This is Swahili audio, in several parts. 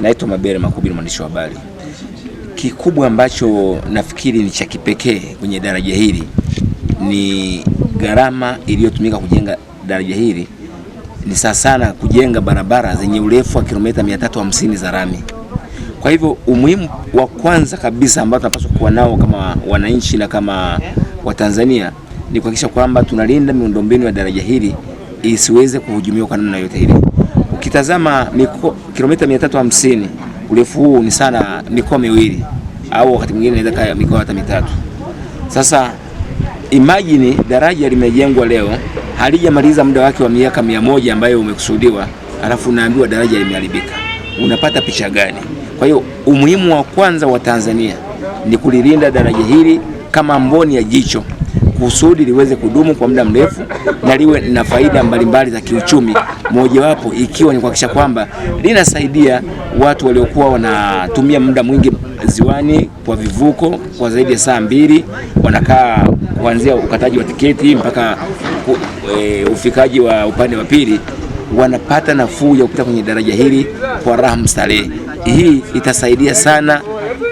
Naitwa Mabere Makubiri, mwandishi wa habari. Kikubwa ambacho nafikiri ni cha kipekee kwenye daraja hili ni gharama iliyotumika kujenga daraja hili ni sawa sana kujenga barabara zenye urefu wa kilomita 350 za rami. Kwa hivyo umuhimu wa kwanza kabisa ambao tunapaswa kuwa nao kama wananchi na kama Watanzania ni kuhakikisha kwamba tunalinda miundombinu ya daraja hili isiweze kuhujumiwa kwa namna yoyote ile ukitazama kilomita 350 urefu huu ni sana mikoa miwili au wakati mwingine inaweza mikoa hata mitatu. Sasa imagine daraja limejengwa leo halijamaliza muda wake wa miaka mia moja ambayo umekusudiwa, alafu unaambiwa daraja limeharibika, unapata picha gani? Kwa hiyo umuhimu wa kwanza wa Tanzania ni kulilinda daraja hili kama mboni ya jicho kusudi liweze kudumu kwa muda mrefu na liwe na faida mbalimbali za kiuchumi, mojawapo ikiwa ni kuhakikisha kwamba linasaidia watu waliokuwa wanatumia muda mwingi ziwani kwa vivuko kwa zaidi ya saa mbili, wanakaa kuanzia ukataji wa tiketi mpaka e, ufikaji wa upande wa pili wanapata nafuu ya kupita kwenye daraja hili kwa raha mstarehe. Hii itasaidia sana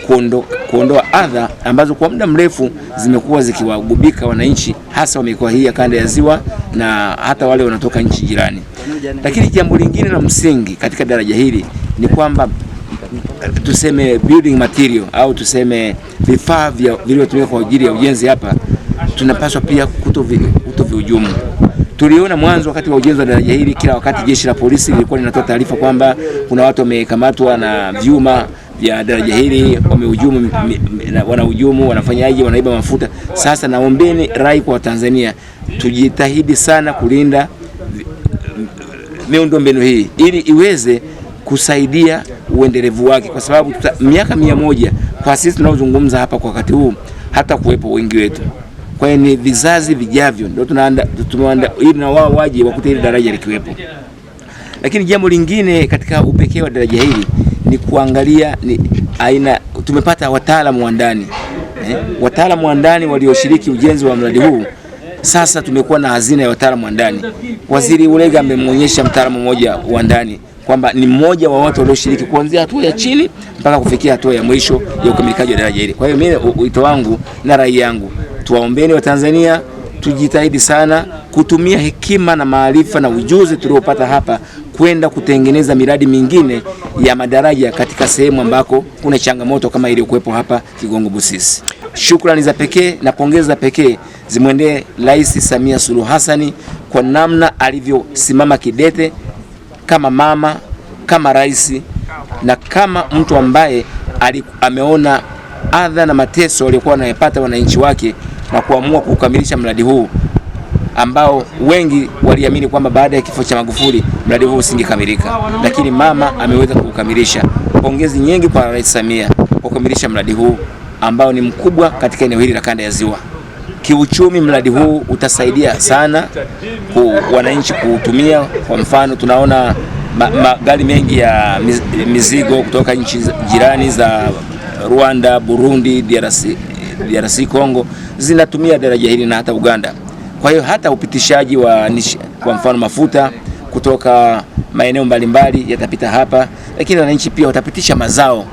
kuondo, kuondoa adha ambazo kwa muda mrefu zimekuwa zikiwagubika wananchi hasa wa mikoa hii ya kanda ya ziwa na hata wale wanatoka nchi jirani. Lakini jambo lingine la msingi katika daraja hili ni kwamba tuseme building material au tuseme vifaa vilivyotumika kwa ajili ya ujenzi hapa tunapaswa pia kutovihujumu. Tuliona mwanzo wakati wa ujenzi wa daraja hili, kila wakati jeshi la polisi lilikuwa linatoa taarifa kwamba kuna watu wamekamatwa na vyuma ya daraja hili wamehujumu, wanahujumu, wanafanyaje? Wanaiba mafuta. Sasa naombeni rai kwa tanzania tujitahidi sana kulinda miundombinu hii ili iweze kusaidia uendelevu wake, kwa sababu tuta, miaka mia moja kwa sisi tunaozungumza hapa kwa wakati huu hata kuwepo wengi wetu. Kwa hiyo ni vizazi vijavyo ndio tunaanda tumeanda ili na wao waje wakute hili daraja likiwepo. Lakini jambo lingine katika upekee wa daraja hili ni kuangalia ni aina, tumepata wataalamu wa ndani eh, wataalamu wa ndani walioshiriki ujenzi wa mradi huu. Sasa tumekuwa na hazina ya wataalamu wa ndani. Waziri Ulega amemwonyesha mtaalamu mmoja wa ndani kwamba ni mmoja wa watu walioshiriki kuanzia hatua ya chini mpaka kufikia hatua ya mwisho ya ukamilikaji wa daraja hili. Kwa hiyo mimi wito wangu na rai yangu, tuwaombeni Watanzania tujitahidi sana kutumia hekima na maarifa na ujuzi tuliopata hapa kwenda kutengeneza miradi mingine ya madaraja katika sehemu ambako kuna changamoto kama iliyokuwepo hapa Kigongo Busisi. Shukrani za pekee na pongezi za pekee zimwendee Rais Samia Suluhu hasani kwa namna alivyosimama kidete kama mama, kama rais na kama mtu ambaye ali, ameona adha na mateso waliokuwa wanayapata wananchi wake na kuamua kukamilisha mradi huu ambao wengi waliamini kwamba baada ya kifo cha Magufuli mradi huu usingekamilika, lakini mama ameweza kukamilisha. Pongezi nyingi kwa Rais Samia kwa kukamilisha mradi huu ambao ni mkubwa katika eneo hili la Kanda ya Ziwa. Kiuchumi, mradi huu utasaidia sana ku wananchi kuutumia. Kwa mfano, tunaona magari ma, mengi ya mizigo kutoka nchi jirani za Rwanda, Burundi, DRC DRC Congo zinatumia daraja hili na hata Uganda. Kwa hiyo hata upitishaji wa nishi, kwa mfano mafuta kutoka maeneo mbalimbali yatapita hapa, lakini wananchi pia watapitisha mazao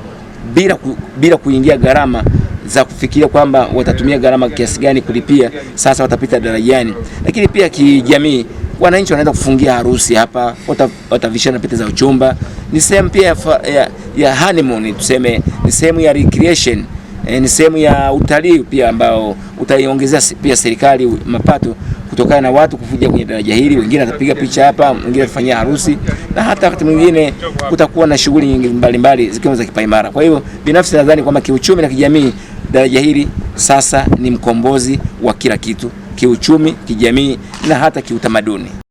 bila, ku, bila kuingia gharama za kufikiria kwamba watatumia gharama kiasi gani kulipia. Sasa watapita darajani, lakini pia kijamii wananchi wanaenda kufungia harusi hapa, watavishana pete za uchumba. Ni sehemu pia ya, ya, ya honeymoon tuseme, ni sehemu ya recreation e, ni sehemu ya utalii pia ambao utaiongezea pia serikali mapato kutokana na watu kufuja kwenye daraja hili. Wengine watapiga picha hapa, wengine watafanyia harusi, na hata wakati mwingine kutakuwa na shughuli nyingi mbalimbali zikiwemo za kipaimara. Kwa hiyo binafsi nadhani kwamba kiuchumi na kijamii daraja hili sasa ni mkombozi wa kila kitu, kiuchumi, kijamii na hata kiutamaduni.